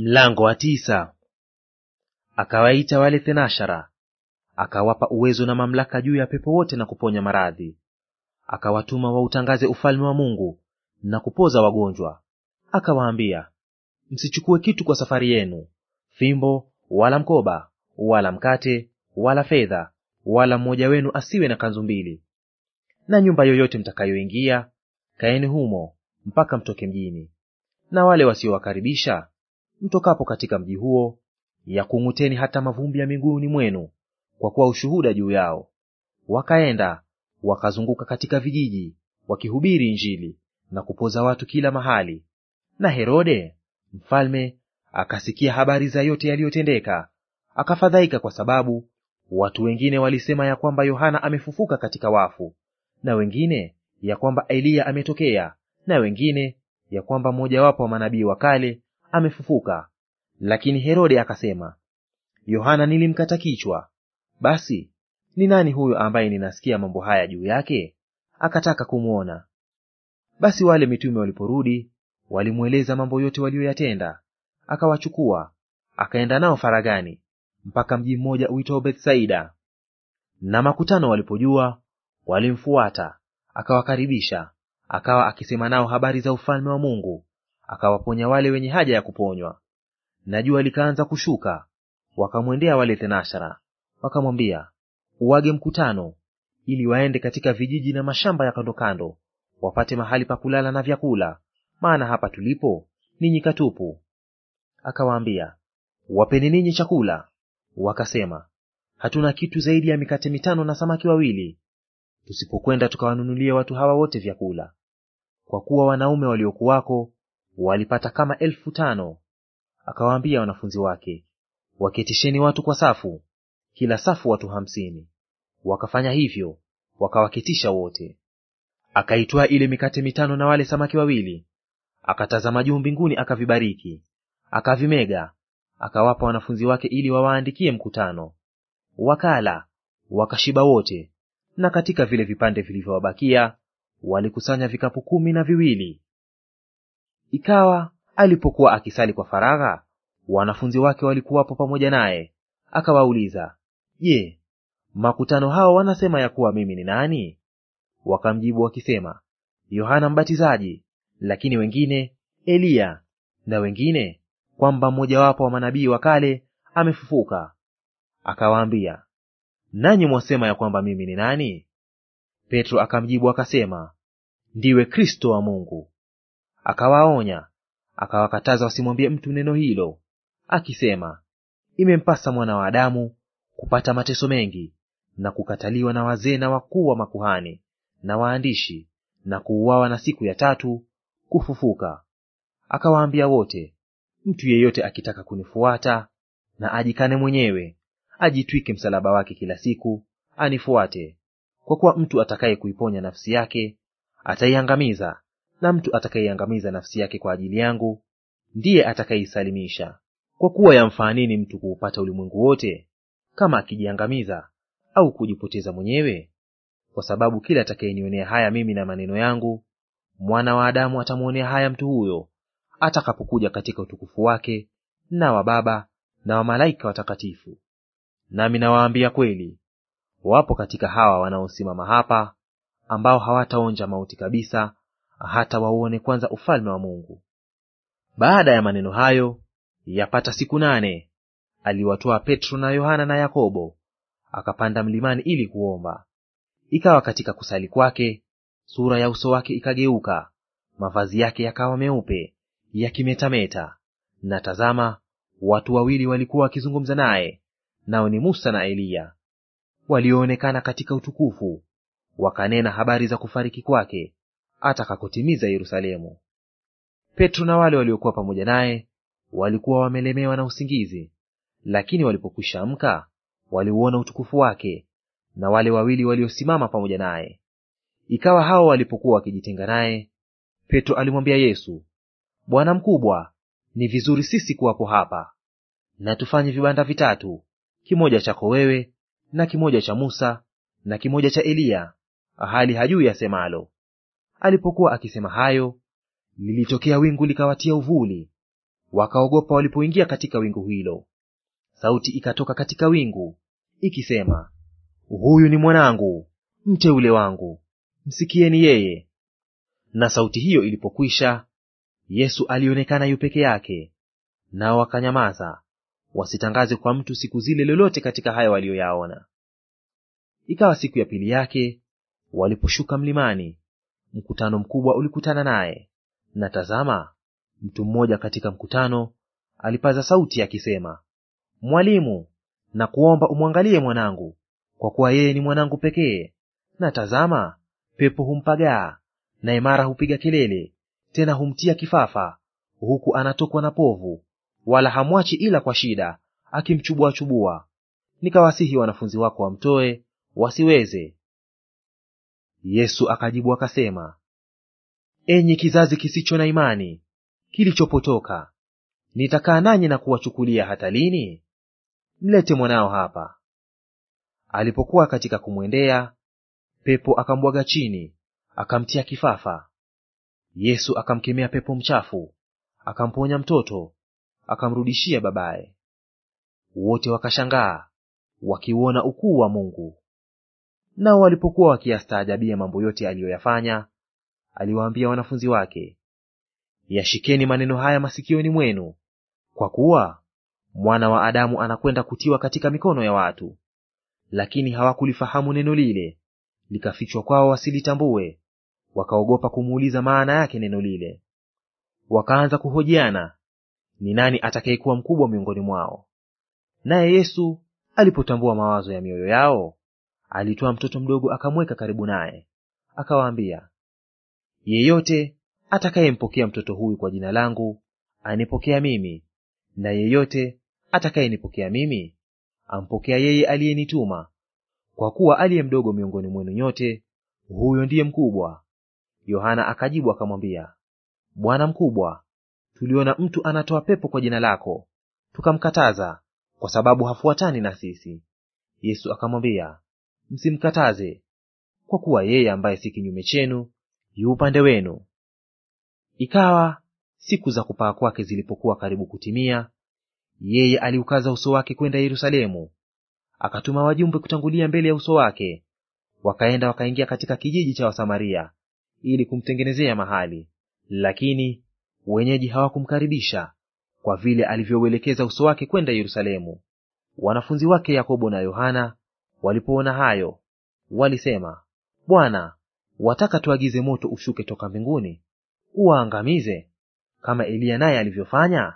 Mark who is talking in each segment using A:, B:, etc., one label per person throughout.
A: Mlango wa tisa. Akawaita wale thenashara, akawapa uwezo na mamlaka juu ya pepo wote na kuponya maradhi. Akawatuma wautangaze ufalme wa Mungu na kupoza wagonjwa. Akawaambia, msichukue kitu kwa safari yenu, fimbo wala mkoba wala mkate wala fedha, wala mmoja wenu asiwe na kanzu mbili. Na nyumba yoyote mtakayoingia, kaeni humo mpaka mtoke mjini. Na wale wasiowakaribisha mtokapo katika mji huo, yakung'uteni hata mavumbi ya miguuni mwenu, kwa kuwa ushuhuda juu yao. Wakaenda wakazunguka katika vijiji wakihubiri Injili na kupoza watu kila mahali. Na Herode mfalme akasikia habari za yote yaliyotendeka, akafadhaika kwa sababu watu wengine walisema ya kwamba Yohana amefufuka katika wafu, na wengine ya kwamba Eliya ametokea, na wengine ya kwamba mmojawapo wa manabii wa kale amefufuka. Lakini Herode akasema, Yohana nilimkata kichwa. Basi ni nani huyo ambaye ninasikia mambo haya juu yake? Akataka kumwona. Basi wale mitume waliporudi, walimweleza mambo yote waliyoyatenda. Akawachukua akaenda nao faragani mpaka mji mmoja uitwao Bethsaida. Na makutano walipojua, walimfuata, akawakaribisha, akawa akisema nao habari za ufalme wa Mungu akawaponya wale wenye haja ya kuponywa. Na jua likaanza kushuka, wakamwendea wale thenashara, wakamwambia, uwage mkutano, ili waende katika vijiji na mashamba ya kandokando, wapate mahali pa kulala na vyakula, maana hapa tulipo ni nyika tupu. Akawaambia, wapeni ninyi chakula. Wakasema, hatuna kitu zaidi ya mikate mitano na samaki wawili, tusipokwenda tukawanunulia watu hawa wote vyakula, kwa kuwa wanaume waliokuwako walipata kama elfu tano. Akawaambia wanafunzi wake, waketisheni watu kwa safu, kila safu watu hamsini. Wakafanya hivyo, wakawaketisha wote. Akaitwaa ile mikate mitano na wale samaki wawili, akatazama juu mbinguni, akavibariki, akavimega, akawapa wanafunzi wake ili wawaandikie mkutano. Wakala wakashiba wote, na katika vile vipande vilivyowabakia walikusanya vikapu kumi na viwili Ikawa alipokuwa akisali kwa faragha, wanafunzi wake walikuwapo pamoja naye, akawauliza, Je, makutano hao wanasema ya kuwa mimi ni nani? Wakamjibu wakisema, Yohana Mbatizaji, lakini wengine Eliya, na wengine kwamba mmojawapo wa manabii wa kale amefufuka. Akawaambia, nanyi mwasema ya kwamba mimi ni nani? Petro akamjibu akasema, ndiwe Kristo wa Mungu akawaonya akawakataza wasimwambie mtu neno hilo, akisema, imempasa mwana wa Adamu kupata mateso mengi na kukataliwa na wazee na wakuu wa makuhani na waandishi na kuuawa, na siku ya tatu kufufuka. Akawaambia wote, mtu yeyote akitaka kunifuata na ajikane mwenyewe, ajitwike msalaba wake kila siku, anifuate. Kwa kuwa mtu atakaye kuiponya nafsi yake ataiangamiza, na mtu atakayeangamiza nafsi yake kwa ajili yangu ndiye atakayeisalimisha. Kwa kuwa yamfaa nini mtu kuupata ulimwengu wote kama akijiangamiza au kujipoteza mwenyewe? Kwa sababu kila atakayenionea haya mimi na maneno yangu, mwana wa Adamu atamwonea haya mtu huyo atakapokuja katika utukufu wake na wa Baba na wa malaika watakatifu. Nami nawaambia kweli, wapo katika hawa wanaosimama hapa ambao hawataonja mauti kabisa hata wauone kwanza ufalme wa Mungu. Baada ya maneno hayo, yapata siku nane, aliwatoa Petro na Yohana na Yakobo, akapanda mlimani ili kuomba. Ikawa katika kusali kwake, sura ya uso wake ikageuka, mavazi yake yakawa meupe yakimetameta. Na tazama, watu wawili walikuwa wakizungumza naye, nao ni Musa na Eliya walioonekana katika utukufu, wakanena habari za kufariki kwake atakakotimiza Yerusalemu. Petro na wale waliokuwa pamoja naye walikuwa wamelemewa na usingizi, lakini walipokwisha amka waliuona utukufu wake na wale wawili waliosimama pamoja naye. Ikawa hao walipokuwa wakijitenga naye, Petro alimwambia Yesu, Bwana mkubwa, ni vizuri sisi kuwapo hapa. Na tufanye vibanda vitatu, kimoja chako wewe, na kimoja cha Musa, na kimoja cha Eliya, hali hajui yasemalo Alipokuwa akisema hayo, lilitokea wingu likawatia uvuli, wakaogopa walipoingia katika wingu hilo. Sauti ikatoka katika wingu ikisema, huyu ni mwanangu mteule wangu, msikieni yeye. Na sauti hiyo ilipokwisha, Yesu alionekana yu peke yake, nao wakanyamaza, wasitangaze kwa mtu siku zile lolote katika hayo waliyoyaona. Ikawa siku ya pili yake waliposhuka mlimani, mkutano mkubwa ulikutana naye, na tazama, mtu mmoja katika mkutano alipaza sauti akisema, Mwalimu, na kuomba umwangalie mwanangu, kwa kuwa yeye ni mwanangu pekee, na tazama, pepo humpagaa, naye mara hupiga kelele, tena humtia kifafa, huku anatokwa na povu, wala hamwachi ila kwa shida, akimchubuachubua. Nikawasihi wanafunzi wako wamtoe, wasiweze Yesu akajibu akasema, enyi kizazi kisicho na imani kilichopotoka, nitakaa nanyi na kuwachukulia hata lini? Mlete mwanao hapa. Alipokuwa katika kumwendea, pepo akambwaga chini, akamtia kifafa. Yesu akamkemea pepo mchafu, akamponya mtoto, akamrudishia babaye. Wote wakashangaa wakiuona ukuu wa Mungu. Nao walipokuwa wakiyastaajabia mambo yote aliyoyafanya, aliwaambia wanafunzi wake, yashikeni maneno haya masikioni mwenu, kwa kuwa mwana wa Adamu anakwenda kutiwa katika mikono ya watu. Lakini hawakulifahamu neno lile, likafichwa kwao wasilitambue, wakaogopa kumuuliza maana yake neno lile. Wakaanza kuhojiana ni nani atakayekuwa mkubwa miongoni mwao. Naye Yesu alipotambua mawazo ya mioyo yao, alitoa mtoto mdogo akamweka karibu naye, akawaambia, yeyote atakayempokea mtoto huyu kwa jina langu anipokea mimi, na yeyote atakayenipokea mimi ampokea yeye aliyenituma. Kwa kuwa aliye mdogo miongoni mwenu nyote, huyo ndiye mkubwa. Yohana akajibu akamwambia, Bwana mkubwa, tuliona mtu anatoa pepo kwa jina lako, tukamkataza, kwa sababu hafuatani na sisi. Yesu akamwambia, msimkataze, kwa kuwa yeye ambaye si kinyume chenu yu upande wenu. Ikawa siku za kupaa kwake zilipokuwa karibu kutimia, yeye aliukaza uso wake kwenda Yerusalemu, akatuma wajumbe kutangulia mbele ya uso wake, wakaenda wakaingia katika kijiji cha Wasamaria ili kumtengenezea mahali, lakini wenyeji hawakumkaribisha kwa vile alivyouelekeza uso wake kwenda Yerusalemu. Wanafunzi wake Yakobo na Yohana Walipoona hayo, walisema, Bwana, wataka tuagize moto ushuke toka mbinguni uwaangamize kama Eliya naye alivyofanya?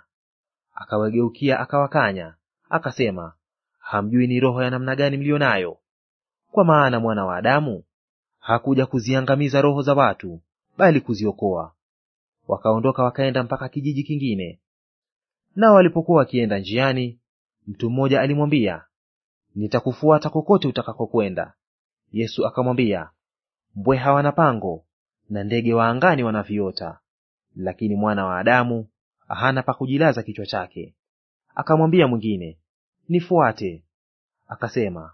A: Akawageukia akawakanya, akasema, hamjui ni roho ya namna gani mliyo nayo, kwa maana mwana wa Adamu hakuja kuziangamiza roho za watu, bali kuziokoa. Wakaondoka wakaenda mpaka kijiji kingine. Nao walipokuwa wakienda njiani, mtu mmoja alimwambia, nitakufuata kokote utakakokwenda. Yesu akamwambia, mbweha hawana pango na ndege wa angani wana viota, lakini mwana wa Adamu hana pa kujilaza kichwa chake. Akamwambia mwingine, nifuate. Akasema,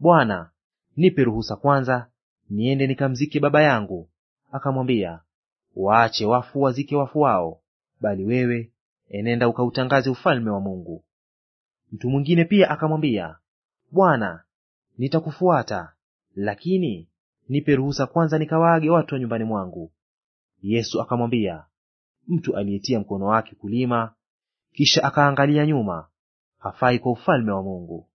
A: Bwana, nipe ruhusa kwanza niende nikamzike baba yangu. Akamwambia, waache wafu wazike wafu wao, bali wewe enenda ukautangaze ufalme wa Mungu. Mtu mwingine pia akamwambia, Bwana, nitakufuata, lakini nipe ruhusa kwanza nikawaage watu wa nyumbani mwangu. Yesu akamwambia, mtu aliyetia mkono wake kulima kisha akaangalia nyuma hafai kwa ufalme wa Mungu.